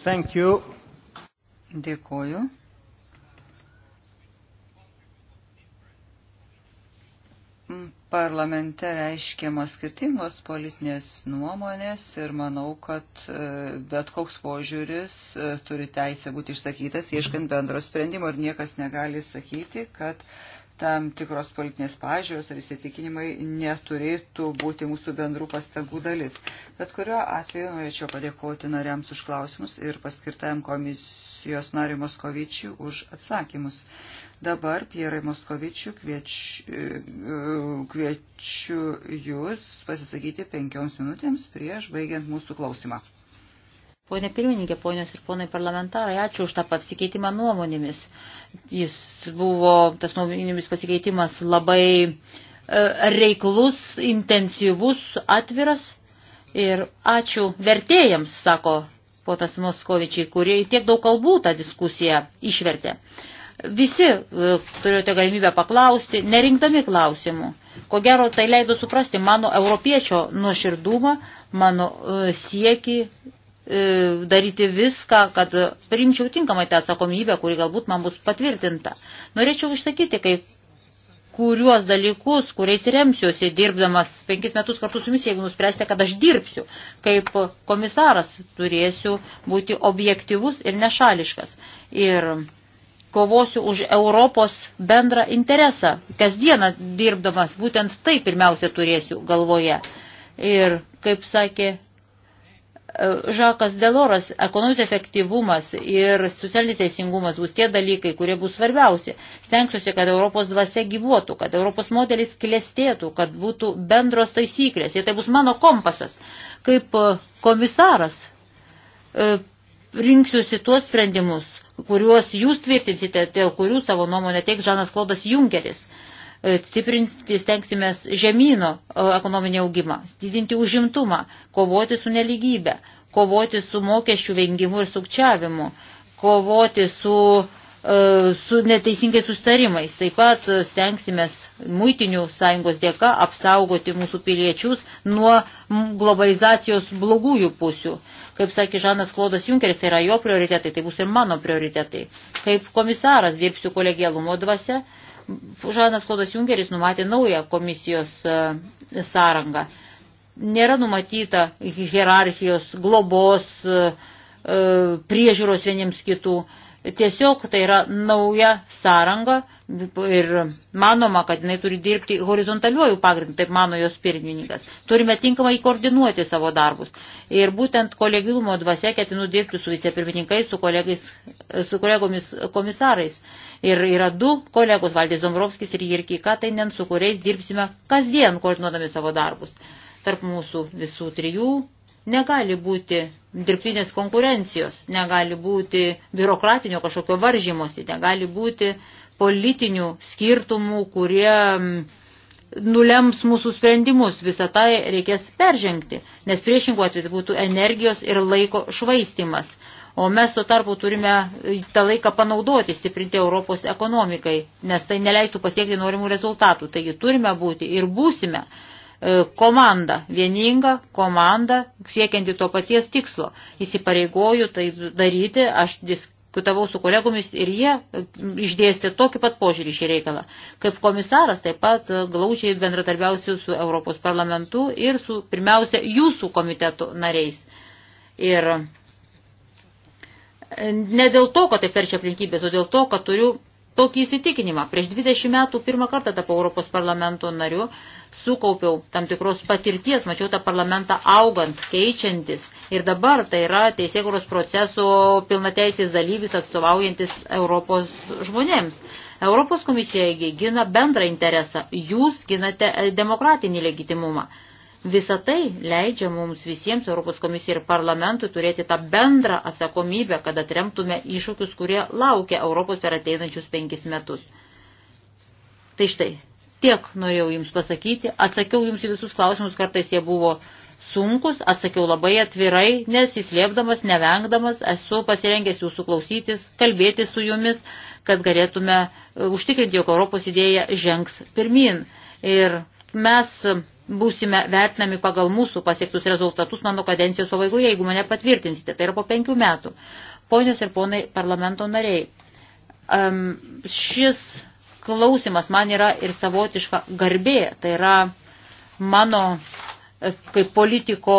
Thank you. Dėkoju. Parlamente reiškiamos skirtingos politinės nuomonės ir manau, kad e, bet koks požiūris e, turi teisę būti išsakytas, ieškant bendro sprendimo ir niekas negali sakyti, kad uh, tam tikros politinės pažiūros ar įsitikinimai neturėtų būti mūsų bendrų pastangų dalis. Bet kuriuo atveju norėčiau padėkoti nariams už klausimus ir paskirtajam komisijos nariui Moskovičiui už atsakymus. Dabar, Pierai Moskovičiu, kviečiu, kviečiu jūs pasisakyti penkioms minutėms prieš baigiant mūsų klausimą. Pone pirmininkė, ponios ir ponai parlamentarai, ačiū už tą pasikeitimą nuomonėmis. Jis buvo, tas nuomonėmis pasikeitimas labai e, reiklus, intensyvus, atviras. Ir ačiū vertėjams, sako potas Moskovičiai, kurie tiek daug kalbų tą diskusiją išvertė. Visi e, turėjote galimybę paklausti, nerinkdami klausimų. Ko gero, tai leido suprasti mano europiečio nuoširdumą, mano e, sieki E, daryti viską, kad priimčiau tinkamai tą atsakomybę, kuri galbūt man bus patvirtinta. Norėčiau išsakyti kai kuriuos dalykus, kuriais remsiuosi dirbdamas penkis metus kartu su jumis, jeigu nuspręsite, kad aš dirbsiu. Kaip komisaras turėsiu būti objektivus ir nešališkas. Ir kovosiu už Europos bendrą interesą. Kasdieną dirbdamas būtent tai pirmiausia turėsiu galvoje. Ir, kaip sakė Žakas Deloras, ekonominis efektyvumas ir socialinis teisingumas bus tie dalykai, kurie bus svarbiausi. Stengsiuosi, kad Europos dvasia gyvuotų, kad Europos modelis klestėtų, kad būtų bendros taisyklės. Ir tai bus mano kompasas. Kaip e, komisaras e, rinksiuosi tuos sprendimus, kuriuos jūs tvirtinsite, dėl kurių savo nuomonę teiks Žanas Klodas Junkeris. E, stiprinti, stengsime žemynų e, ekonominį augimą, didinti užimtumą, kovoti su neligybė, kovoti su mokesčių vengimu ir sukčiavimu, kovoti su, e, su neteisingai sustarimais. Taip pat stengsime muitinių sąjungos dėka apsaugoti mūsų piliečius nuo globalizacijos blogųjų pusių kaip sakė Žanas Klodas Junkeris, tai yra jo prioritetai, tai bus ir mano prioritetai. Kaip komisaras dirbsiu kolegialumo dvasia, Žanas Klodas Junkeris numatė naują komisijos e, sąrangą. Nėra numatyta hierarchijos, globos, e, e, priežiūros vieniems kitų. Tiesiog tai yra nauja sąranga ir manoma, kad jinai turi dirbti horizontaliuoju pagrindu, taip mano jos pirmininkas. Turime tinkamai koordinuoti savo darbus. Ir būtent kolegilumo dvasia ketinu dirbti su vicepirmininkais, su, kolegais, su kolegomis komisarais. Ir yra du kolegos, Valdis Dombrovskis ir Jirki Katainen, su kuriais dirbsime kasdien koordinuodami savo darbus. Tarp mūsų visų trijų Negali būti dirbtinės konkurencijos, negali būti biurokratinio kažkokio varžymosi, negali būti politinių skirtumų, kurie mm, nulems mūsų sprendimus. Visą tai reikės peržengti, nes priešingų atveju būtų energijos ir laiko švaistimas. O mes tuo tarpu turime e, tą laiką panaudoti, stiprinti Europos ekonomikai, nes tai neleistų pasiekti norimų rezultatų. Taigi turime būti ir būsime E, komanda, vieninga komanda, siekianti to paties tikslo. Įsipareigoju tai daryti, aš diskutavau su kolegomis ir jie e, išdėstė tokį pat požiūrį šį reikalą. Kaip komisaras taip pat e, glaučiai bendratarbiausiu su Europos parlamentu ir su pirmiausia jūsų komitetų nariais. Ir ne dėl to, kad taip verčia aplinkybės, o dėl to, kad turiu tokį įsitikinimą. Prieš 20 metų pirmą kartą tapau Europos parlamento nariu, sukaupiau tam tikros patirties, mačiau tą parlamentą augant, keičiantis. Ir dabar tai yra teisėkuros proceso pilnateisės dalyvis atstovaujantis Europos žmonėms. Europos komisija gina bendrą interesą, jūs ginate demokratinį legitimumą. Visą tai leidžia mums visiems Europos komisijai ir parlamentui turėti tą bendrą atsakomybę, kad atremtume iššūkius, kurie laukia Europos per ateinančius penkis metus. Tai štai, tiek norėjau Jums pasakyti. Atsakiau Jums į visus klausimus, kartais jie buvo sunkus, atsakiau labai atvirai, nesislėpdamas, nevengdamas, esu pasirengęs Jūsų klausytis, kalbėti su Jumis, kad galėtume e, užtikrinti, jog Europos idėja žengs pirmin. Ir mes būsime vertinami pagal mūsų pasiektus rezultatus mano kadencijos pabaigoje, jeigu mane patvirtinsite, tai yra po penkių metų. Ponios ir ponai parlamento nariai, šis klausimas man yra ir savotiška garbė, tai yra mano e, kaip politiko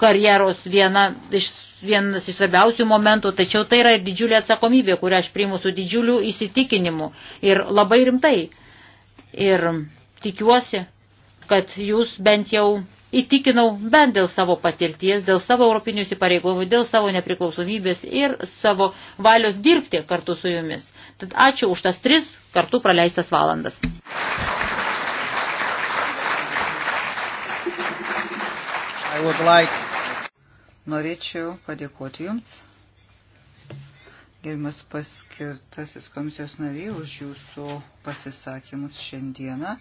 karjeros viena iš vienas iš svarbiausių momentų, tačiau tai yra ir didžiulė atsakomybė, kurią aš priimu su didžiuliu įsitikinimu ir labai rimtai. Ir tikiuosi, kad jūs bent jau įtikinau bent dėl savo patirties, dėl savo europinių įsipareigojimų, dėl savo nepriklausomybės ir savo valios dirbti kartu su jumis. Tad ačiū už tas tris kartu praleistas valandas. Like... Norėčiau padėkoti Jums, gerimas paskirtasis komisijos nariai, už Jūsų pasisakymus šiandieną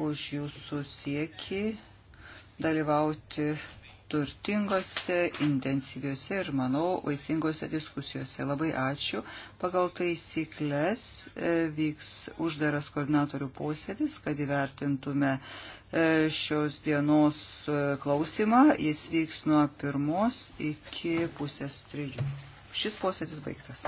už jūsų siekį dalyvauti turtingose, intensyviuose ir, manau, vaisingose diskusijose. Labai ačiū. Pagal taisyklės e, vyks uždaras koordinatorių posėdis, kad įvertintume e, šios dienos e, klausimą. Jis vyks nuo pirmos iki pusės trijų. Šis posėdis baigtas.